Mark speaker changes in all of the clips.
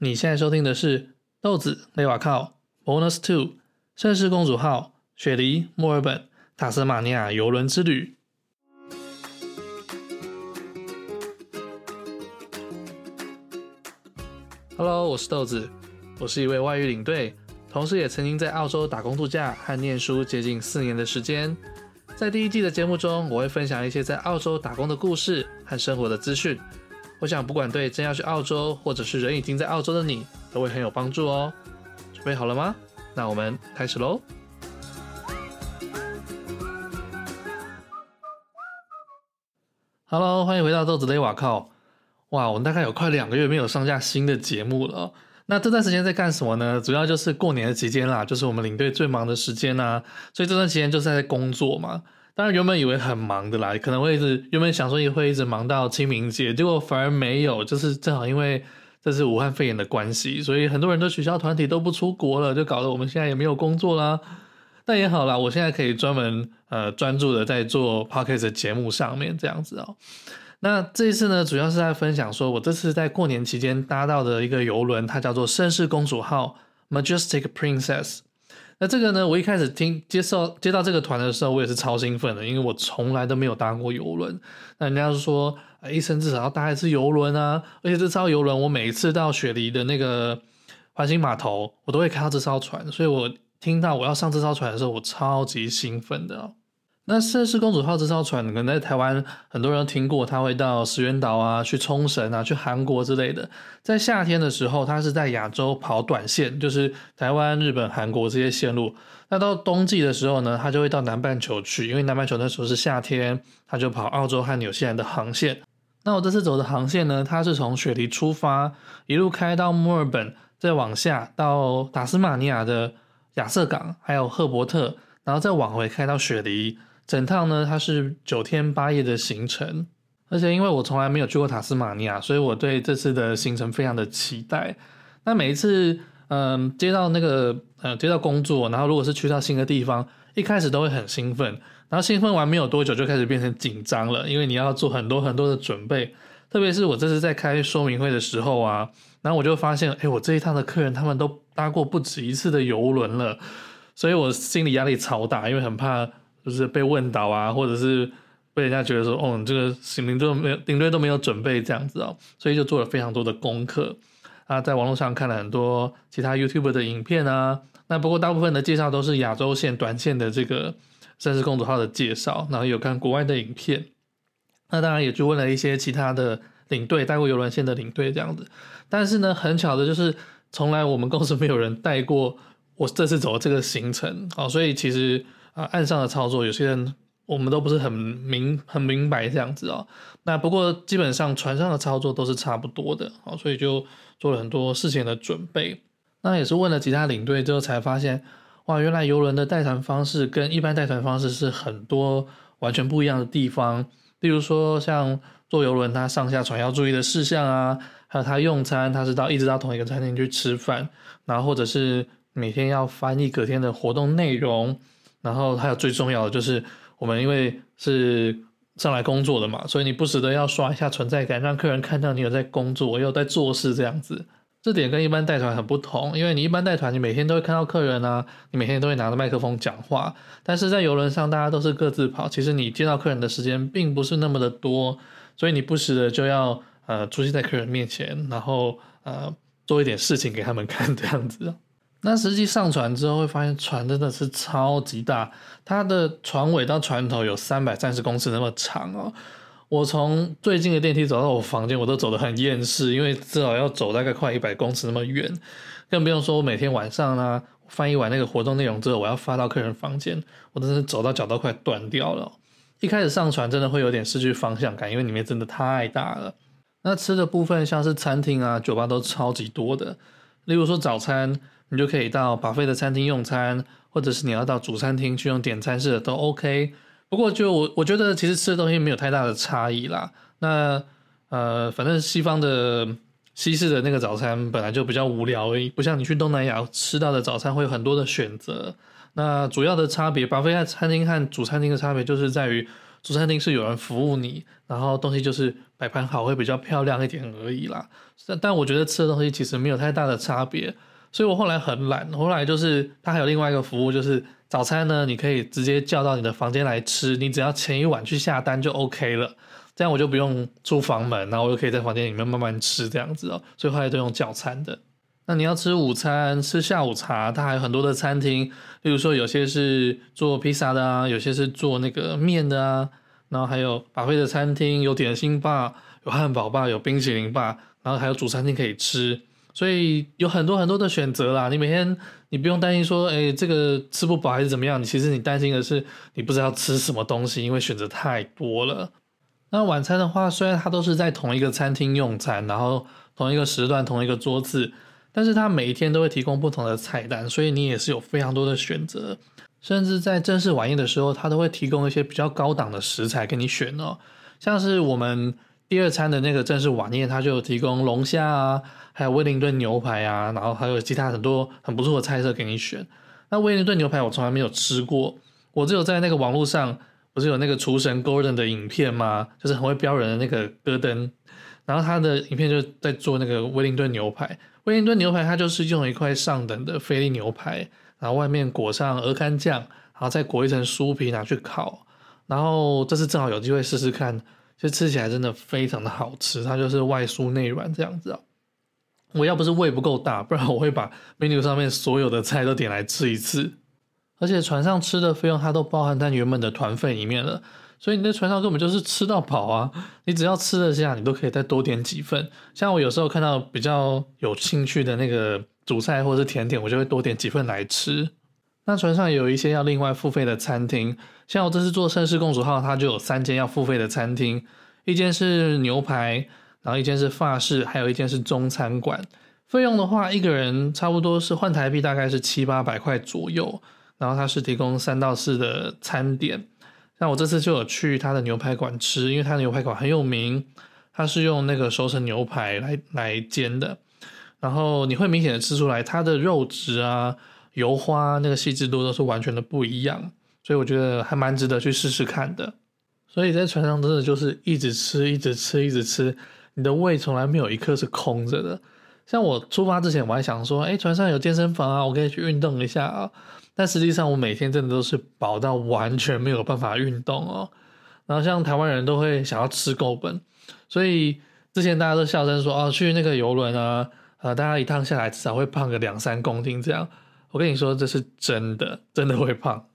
Speaker 1: 你現在收聽的是豆子雷瓦靠，bonus two 盛世公主號雪梨墨爾本塔斯馬尼亞遊輪之旅。Hello，我是豆子，我是一位外語領隊，同時也曾經在澳洲打工度假和念書接近四年的時間。在第一季的節目中，我會分享一些在澳洲打工的故事和生活的資訊。我想，不管對正要去澳洲，或者是人已經在澳洲的你，都會很有幫助哦。準備好了嗎？那我們開始嘍。Hello，歡迎回到豆子的瓦靠哇！我們大概有快兩個月沒有上架新的節目了。那這段時間在幹什麼呢？主要就是過年的期間啦，就是我們領隊最忙的時間啦。所以這段時間就是在工作嘛。當然，原本以為很忙的啦，可能會是原本想說也會一直忙到清明節，結果反而沒有，就是正好因為這是武漢肺炎的關係，所以很多人都取消團體都不出國了，就搞得我們現在也沒有工作啦。但也好啦，我現在可以專門呃專注的在做 Podcast 的節目上面這樣子哦、喔。那這一次呢，主要是在分享說我這次在過年期間搭到的一個郵輪，它叫做盛世公主號 （Majestic Princess）。那這個呢？我一開始聽接受接到這個團的時候，我也是超興奮的，因為我從來都沒有搭過遊輪。那人家就說，哎，一生至少要搭一次遊輪啊！而且這艘遊輪，我每次到雪梨的那個環形碼頭，我都會看到這艘船，所以我聽到我要上這艘船的時候，我超級興奮的。那盛世公主號這艘船，可能在台灣很多人都聽過，他會到石垣島啊，去沖繩啊、去韓國之類的。在夏天的時候，他是在亞洲跑短線，就是台灣、日本、韓國這些線路。那到冬季的時候呢，他就會到南半球去，因為南半球那時候是夏天，他就跑澳洲和紐西蘭的航線。那我這次走的航線呢，它是從雪梨出發，一路開到墨爾本，再往下到塔斯馬尼亞的亞瑟港，還有赫伯特，然後再往回開到雪梨。整趟呢，它是九天八夜的行程，而且因為我從來沒有去過塔斯馬尼亞，所以我對這次的行程非常的期待。那每一次，嗯，接到那個，呃、嗯，接到工作，然後如果是去到新的地方，一開始都會很興奮，然後興奮完沒有多久就開始變成緊張了，因為你要做很多很多的準備。特別是我這次在開說明會的時候啊，然後我就發現，哎，我這一趟的客人他們都搭過不止一次的游輪了，所以我心理壓力超大，因為很怕。就是被問倒啊，或者是被人家覺得說，哦，你這個行前都沒有領隊都沒有準備這樣子啊、哦，所以就做了非常多的功課啊，在網絡上看了很多其他 YouTuber 的影片啊，那不過大部分的介紹都是亞洲線、短線的這個盛世公主號的介紹，然後有看國外的影片，那當然也就問了一些其他的領隊帶過遊輪線的領隊這樣子，但是呢，很巧的就是從來我們公司沒有人帶過我這次走這個行程啊、哦，所以其實。啊，岸上的操作有些人我們都不是很明很明白這樣子哦。那不過基本上船上的操作都是差不多的啊，所以就做了很多事前的準備。那也是問了其他領隊之後才發現，哇，原來遊輪的帶團方式跟一般帶團方式是很多完全不一樣的地方。例如說像坐遊輪，他上下船要注意的事項啊，還有他用餐，他是到一直到同一個餐廳去吃飯，然後或者是每天要翻譯隔天的活動內容。然後還有最重要的就是，我們因為是上來工作的嘛，所以你不時的要刷一下存在感，讓客人看到你有在工作，有在做事這樣子。這點跟一般帶團很不同，因為你一般帶團，你每天都會看到客人啊，你每天都會拿着麥克風講話。但是在遊輪上，大家都是各自跑，其實你見到客人的時間並不是那麼的多，所以你不時的就要呃出現在客人面前，然後呃做一點事情給他們看這樣子。那實際上船之後，會發現船真的是超級大，它的船尾到船頭有三百三十公尺那麼長哦、喔。我從最近的電梯走到我房間，我都走得很厭世，因為至少要走大概快一百公尺那麼遠。更不用說，我每天晚上呢、啊，翻譯完那個活動內容之後，我要發到客人房間，我真的是走到腳都快斷掉了、喔。一開始上船真的會有點失去方向感，因為裡面真的太大了。那吃的部分，像是餐廳啊、酒吧都超級多的，例如說早餐，你就可以到巴菲的餐廳用餐，或者是你要到主餐廳去用點餐式的都 OK。不過就，就我我覺得，其實吃的東西沒有太大的差異啦。那呃，反正西方的西式的那個早餐本來就比較無聊，而已，不像你去東南亞吃到的早餐會有很多的選擇。那主要的差別，巴菲的餐廳和主餐廳的差別就是在於主餐廳是有人服務你，然後東西就是擺盤好會比較漂亮一點而已啦。但但我覺得吃的東西其實沒有太大的差別。所以我後來很懶，後來就是它還有另外一個服務，就是早餐呢，你可以直接叫到你的房間來吃，你只要前一晚去下單就 OK 了,這樣我就不用出房門，然後我又可以在房間裡面慢慢吃這樣子哦、喔。所以後來都用叫餐的。那你要吃午餐、吃下午茶，它還有很多的餐廳，例如說有些是做披薩的啊，有些是做那個麵的啊，然後還有 buffet 的餐廳、有點心吧、有漢堡吧、有冰淇淋吧，然後還有主餐廳可以吃。所以有很多很多的選擇啦，你每天你不用擔心說，誒，這個吃不飽還是怎麼樣？你其實你擔心的是，你不知道吃什麼東西，因為選擇太多了。那晚餐的話，雖然它都是在同一個餐廳用餐，然後同一個時段、同一個桌子，但是它每一天都會提供不同的菜單，所以你也是有非常多的選擇。甚至在正式晚宴的時候，它都會提供一些比較高檔的食材給你選哦，像是我們。第二餐的那個正式晚宴，他就有提供龍蝦啊，還有威靈頓牛排啊，然後還有其他很多很不錯的菜色給你選。那威靈頓牛排我從來沒有吃過，我只有在那個網絡上，不是有那個廚神戈 n 的影片嘛，就是很會標人的那個戈登，然後他的影片就在做那個威靈頓牛排。威靈頓牛排它就是用一塊上等的菲力牛排，然後外面裹上鵝肝醬，然後再裹一層酥皮拿去烤。然後這次正好有機會試試看。就吃起來真的非常的好吃，它就是外酥內軟這樣子啊、喔。我要不是胃不夠大，不然我會把 menu 上面所有的菜都點來吃一次。而且船上吃的費用它都包含在原本的團費裡面了，所以你在船上根本就是吃到飽啊。你只要吃得下，你都可以再多點幾份。像我有時候看到比較有興趣的那個主菜或者是甜點，我就會多點幾份來吃。那船上有一些要另外付費的餐廳，像我這次坐盛世公主號，它就有三間要付費的餐廳，一間是牛排，然後一間是法式，還有一間是中餐館。費用的話，一個人差不多是換台幣大概是七八百塊左右，然後它是提供三到四的餐點。像我這次就有去它的牛排館吃，因為它的牛排館很有名，它是用那個熟成牛排來來煎的，然後你會明顯的吃出來它的肉質啊。油花那個細緻度都是完全的不一樣，所以我覺得還蠻值得去試試看的。所以在船上真的就是一直吃，一直吃，一直吃，你的胃從來沒有一刻是空着的。像我出發之前我還想說，哎、欸，船上有健身房啊，我可以去運動一下啊、喔。但實際上我每天真的都是飽到完全沒有辦法運動哦、喔。然後像台灣人都會想要吃夠本，所以之前大家都笑稱說，哦、啊，去那個遊輪啊，呃，大家一趟下來至少會胖個兩三公斤這樣。我跟你說，這是真的，真的會胖。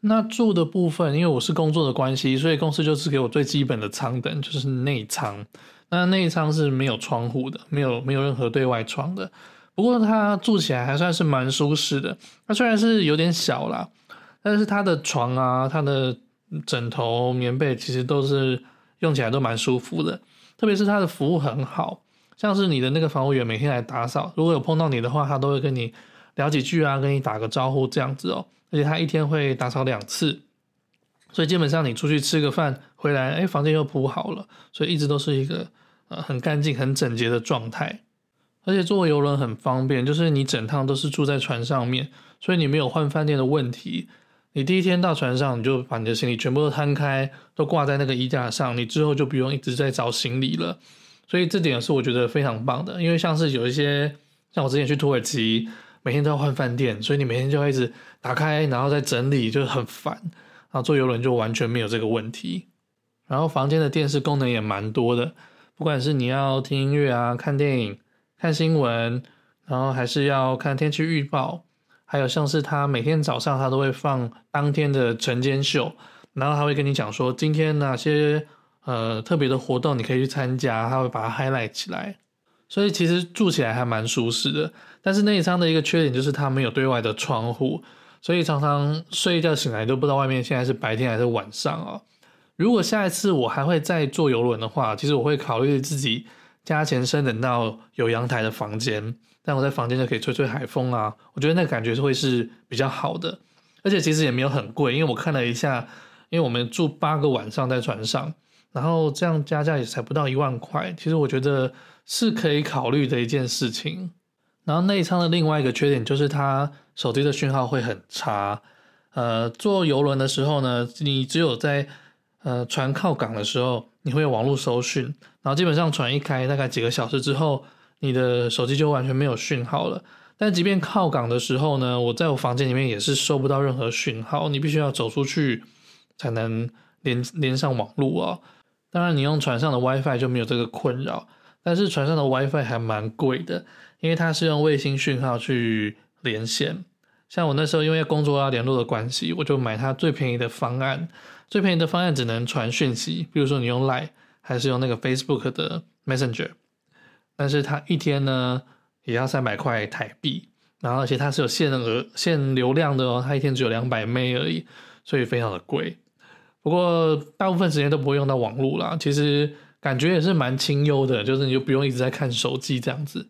Speaker 1: 那住的部分，因為我是工作的關係，所以公司就是給我最基本的艙等，就是內艙。那內艙是沒有窗戶的，沒有沒有任何對外窗的。不過它住起來還算是蠻舒適的。它雖然是有點小啦，但是它的床啊、它的枕頭、棉被其實都是用起來都蠻舒服的。特別是它的服務很好，像是你的那個房務員每天來打掃，如果有碰到你的話，他都會跟你。聊幾句啊，跟你打個招呼這樣子哦、喔。而且他一天會打掃兩次，所以基本上你出去吃個飯回來，哎、欸，房間又鋪好了，所以一直都是一個呃很乾淨、很整潔的狀態。而且坐遊輪很方便，就是你整趟都是住在船上面，所以你沒有換飯店的問題。你第一天到船上，你就把你的行李全部都攤開，都掛在那個衣架上，你之後就不用一直在找行李了。所以這點是我覺得非常棒的，因為像是有一些像我之前去土耳其。每天都要換飯店，所以你每天就會一直打開，然後再整理，就很煩。然後坐遊輪就完全沒有這個問題。然後房間的電視功能也蠻多的，不管是你要聽音樂啊、看電影、看新聞，然後還是要看天氣預報，還有像是他每天早上他都會放當天的晨間秀，然後他會跟你講說，今天哪些呃特別的活動你可以去參加，他會把它 highlight 起來。所以其實住起來還蠻舒適的，但是內艙的一個缺點就是它沒有對外的窗戶，所以常常睡一覺醒來都不知道外面現在是白天還是晚上啊。如果下一次我還會再坐遊輪的話，其實我會考慮自己加錢升等到有陽台的房間，但我在房間就可以吹吹海風啊，我覺得那感覺會是比較好的，而且其實也沒有很貴，因為我看了一下，因為我們住八個晚上在船上，然後這樣加價也才不到一萬塊，其實我覺得，是可以考慮的一件事情。然後內艙的另外一個缺點就是，它手機的訊號會很差。呃，坐遊輪的時候呢，你只有在呃船靠港的時候，你會有網絡收訊。然後基本上船一開，大概幾個小時之後，你的手機就完全沒有訊號了。但即便靠港的時候呢，我在我房間裡面也是收不到任何訊號。你必須要走出去才能連連上網絡啊、哦。當然，你用船上的 WiFi 就沒有這個困擾。但是船上的 WiFi 還蠻貴的，因為它是用衛星訊號去連線。像我那時候因為工作要聯絡的關係，我就買它最便宜的方案。最便宜的方案只能傳訊息，比如說你用 Line, 還是用那個 Facebook 的 Messenger。但是它一天呢也要三百塊台幣，然後而且它是有限額、限流量的哦，它一天只有兩百 Meg 而已，所以非常的貴。不過大部分時間都不會用到網絡啦，其實。感覺也是蠻清幽的，就是你就不用一直在看手機這樣子。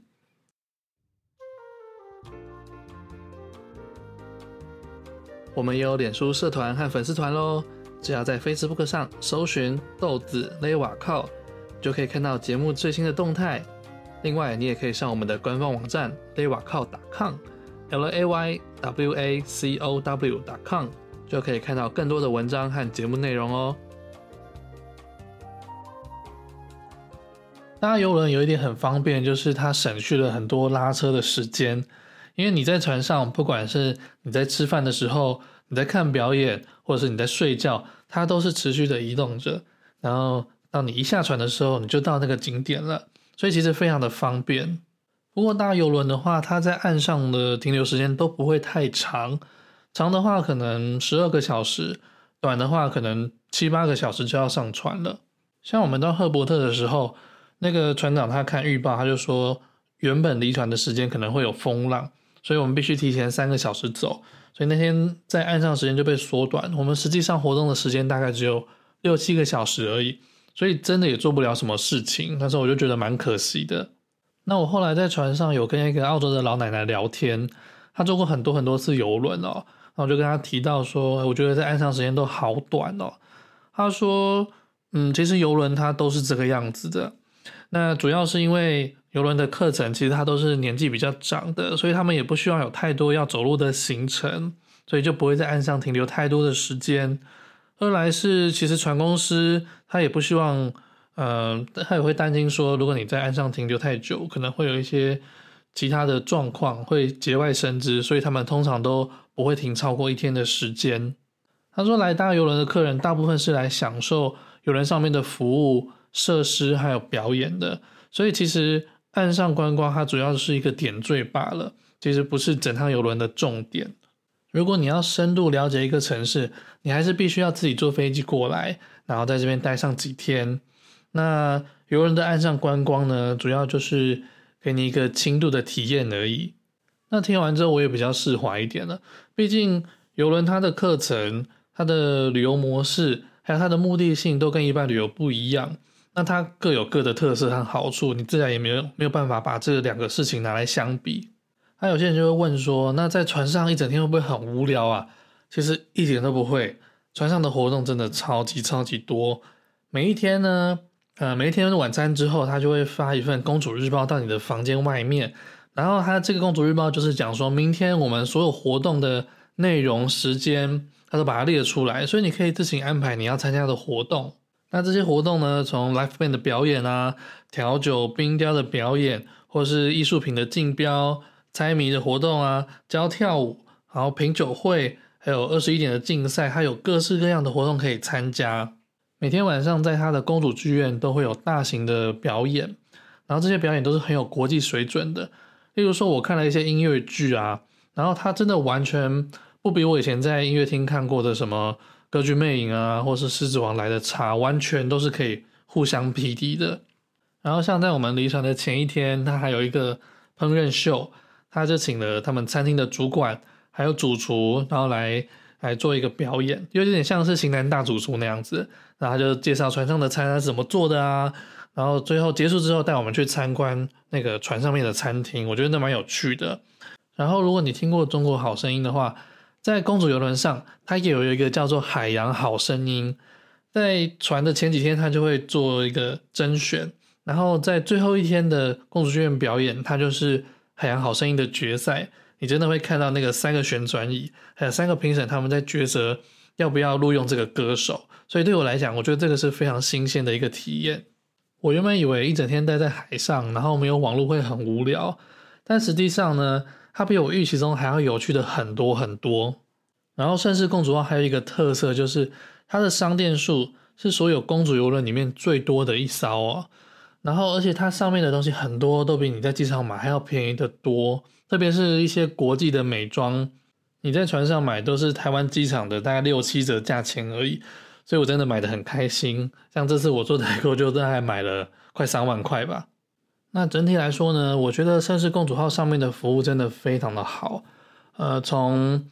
Speaker 1: 我們也有臉書社團和粉絲團嘍，只要在 Facebook 上搜尋豆子雷瓦靠，就可以看到節目最新的動態。另外，你也可以上我們的官方網站雷瓦靠 .com，laywacow.com，就可以看到更多的文章和節目內容哦。大遊輪有一點很方便，就是它省去了很多拉車的時間，因為你在船上，不管是你在吃飯的時候，你在看表演，或者是你在睡覺，它都是持續的移動着。然後當你一下船的時候，你就到那個景點了，所以其實非常的方便。不過大遊輪的話，它在岸上的停留時間都不會太長，長的話可能十二個小時，短的話可能七八個小時就要上船了。像我們到赫伯特的時候。那個船長他看預報，他就說原本離船的時間可能會有風浪，所以我們必須提前三個小時走。所以那天在岸上時間就被縮短，我們實際上活動的時間大概只有六七個小時而已，所以真的也做不了什麼事情，但是我就覺得蠻可惜的。那我後來在船上有跟一個澳洲的老奶奶聊天，她坐過很多很多次遊輪哦，然後我就跟她提到說，我覺得在岸上時間都好短哦。她說：“嗯，其實遊輪它都是這個樣子的。”那主要是因為游輪的課程其實它都是年紀比較長的，所以他們也不需要有太多要走路的行程，所以就不會在岸上停留太多的時間。二來是其實船公司他也不希望，嗯、呃，他也會擔心說，如果你在岸上停留太久，可能會有一些其他的狀況會節外生枝，所以他們通常都不會停超過一天的時間。他說，來搭遊輪的客人大部分是來享受遊輪上面的服務。設施還有表演的，所以其實岸上觀光它主要是一個點綴罷了，其實不是整趟遊輪的重點。如果你要深度了解一個城市，你還是必須要自己坐飛機過來，然後在這邊待上幾天。那遊輪的岸上觀光呢，主要就是給你一個輕度的體驗而已。那聽完之後，我也比較釋懷一點了。畢竟遊輪它的課程、它的旅遊模式，還有它的目的性，都跟一般旅遊不一樣。那它各有各的特色和好處，你自然也沒有沒有辦法把這兩個事情拿來相比。那有些人就會問說，那在船上一整天會不會很無聊啊？其實一點都不會，船上的活動真的超級超級多。每一天呢，呃，每一天晚餐之後，他就會發一份公主日報到你的房間外面。然後他這個公主日報就是講說明天我們所有活動的內容、時間，他都把它列出來，所以你可以自行安排你要參加的活動。那這些活動呢，從 live band 的表演啊、調酒、冰雕的表演，或是藝術品的競標、猜謎的活動啊、教跳舞，然後品酒會，還有二十一點的競賽，還有各式各樣的活動可以參加。每天晚上，在它的公主劇院都會有大型的表演，然後這些表演都是很有國際水準的。例如說，我看了一些音樂劇啊，然後它真的完全不比我以前在音樂廳看過的什麼《歌劇魅影》啊，或是《獅子王》來的差，完全都是可以互相匹敵的。然後像在我們離船的前一天，他還有一個烹飪秀，他就請了他們餐廳的主管還有主廚，然後來來做一個表演，有點像是型男大主廚那樣子。然後他就介紹船上的餐是怎麼做的啊，然後最後結束之後帶我們去參觀那個船上面的餐廳，我覺得那蠻有趣的。然後如果你聽過《中國好聲音》的話，在公主遊輪上，它也有一個叫做《海洋好聲音》。在船的前幾天，它就會做一個甄選，然後在最後一天的公主劇院表演，它就是《海洋好聲音》的決賽。你真的會看到那個三個旋轉椅，還有三個評審，他們在抉擇要不要錄用這個歌手。所以對我來講，我覺得這個是非常新鮮的一個體驗。我原本以為一整天待在海上，然後沒有網絡會很無聊，但實際上呢，它比我預期中還要有趣的很多很多，然後盛世公主號還有一個特色，就是它的商店數是所有公主遊輪裡面最多的一艘啊、哦，然後而且它上面的東西很多都比你在機場買還要便宜的多，特別是一些國際的美妝，你在船上買都是台灣機場的大概六七折價錢而已，所以我真的買的很開心，像這次我做代購就真的還買了快三萬塊吧。那整體來說呢，我覺得盛世公主號上面的服務真的非常的好。呃，從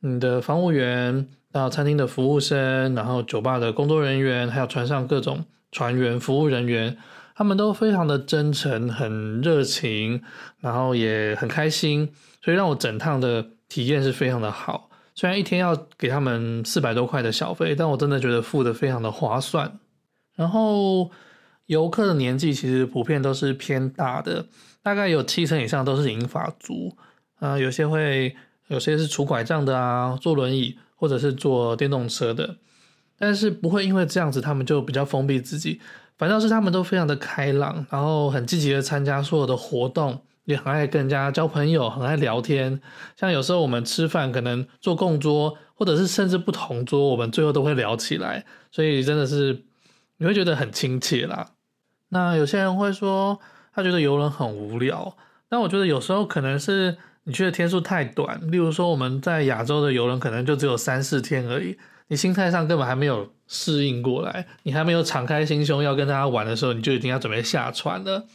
Speaker 1: 你的房務員到餐廳的服務生，然後酒吧的工作人員，還有船上各種船員服務人員，他們都非常的真誠、很熱情，然後也很開心，所以讓我整趟的體驗是非常的好。雖然一天要給他們四百多塊的小費，但我真的覺得付的非常的划算。然後。遊客的年紀其實普遍都是偏大的，大概有七成以上都是銀髮族，啊、呃，有些會有些是拄拐杖的啊，坐輪椅或者是坐電動車的，但是不會因為這樣子他們就比較封閉自己，反倒是他們都非常的開朗，然後很積極的參加所有的活動，也很愛跟人家交朋友，很愛聊天。像有時候我們吃飯可能坐共桌，或者是甚至不同桌，我們最後都會聊起來，所以真的是你會覺得很親切啦。那有些人會說，他覺得遊輪很無聊。但我覺得有時候可能是你去的天數太短，例如說我們在亞洲的遊輪可能就只有三四天而已。你心態上根本還沒有適應過來，你還沒有敞開心胸要跟大家玩的時候，你就已經要準備下船了。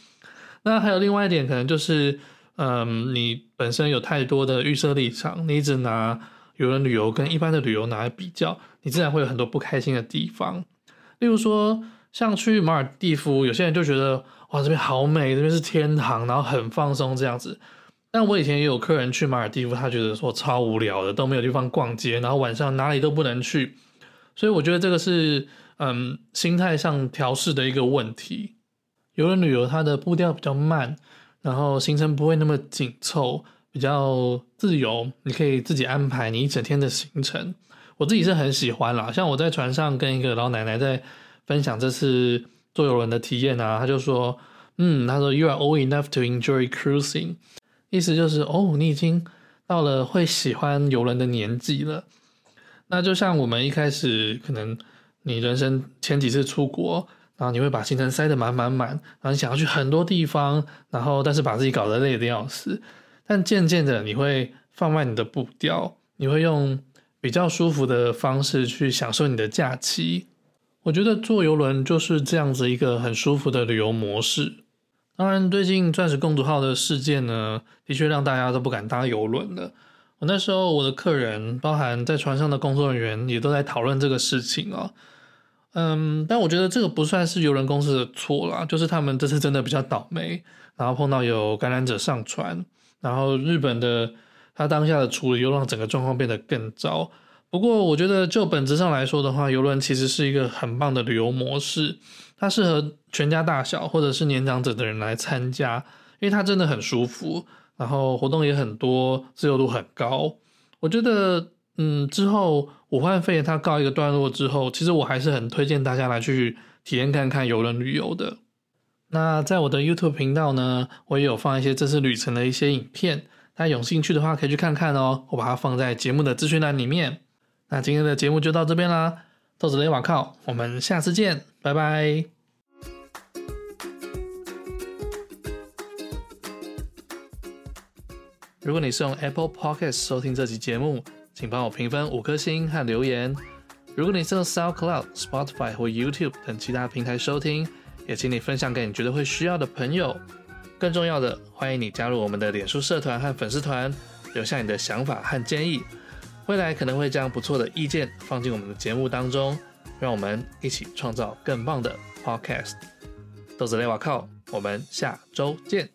Speaker 1: 那還有另外一點，可能就是，嗯，你本身有太多的預設立場，你一直拿遊輪旅遊跟一般的旅遊拿來比較，你自然會有很多不開心的地方。例如說。像去馬爾地夫，有些人就覺得哇，這邊好美，這邊是天堂，然後很放鬆這樣子。但我以前也有客人去馬爾地夫，他覺得說超無聊的，都沒有地方逛街，然後晚上哪裡都不能去。所以我覺得這個是嗯心態上調適的一個問題。遊輪旅遊它的步調比較慢，然後行程不會那麼緊湊，比較自由，你可以自己安排你一整天的行程。我自己是很喜歡啦，像我在船上跟一個老奶奶在分享這次做遊輪的體驗啊，他就說，嗯，他說，You are old enough to enjoy cruising，意思就是，哦，你已經到了會喜歡遊輪的年紀了。那就像我們一開始，可能你人生前幾次出國，然後你會把行程塞得滿滿滿，然後你想要去很多地方，然後但是把自己搞得累得要死。但漸漸的，你會放慢你的步調，你會用比較舒服的方式去享受你的假期。我覺得坐郵輪就是這樣子一個很舒服的旅遊模式。當然，最近鑽石公主號的事件呢，的確讓大家都不敢搭郵輪了。我那時候我的客人，包含在船上的工作人員，也都在討論這個事情啊、哦。嗯，但我覺得這個不算是郵輪公司的錯啦，就是他們這次真的比較倒霉，然後碰到有感染者上船，然後日本的他當下的處理又讓整個狀況變得更糟。不過，我覺得就本質上來說的話，遊輪其實是一個很棒的旅遊模式。它適合全家大小或者是年長者的人來參加，因為它真的很舒服，然後活動也很多，自由度很高。我覺得，嗯，之後武漢肺炎它告一個段落之後，其實我還是很推薦大家來去體驗看看遊輪旅遊的。那在我的 YouTube 頻道呢，我也有放一些這次旅程的一些影片，大家有興趣的話可以去看看哦。我把它放在節目的資訊欄裡面。那今天的節目就到這邊啦。豆子雷瓦靠，我們下次見，拜拜。如果你是用 Apple Podcast 收聽這期節目，請幫我評分五顆星和留言。如果你是用 SoundCloud、Spotify 或 YouTube 等其他平台收聽，也請你分享給你覺得會需要的朋友。更重要的，歡迎你加入我們的臉書社團和粉絲團，留下你的想法和建議。未來可能會將不錯的意見放進我們的節目當中，讓我們一起創造更棒的 Podcast。豆子淚，瓦靠！我們下周見。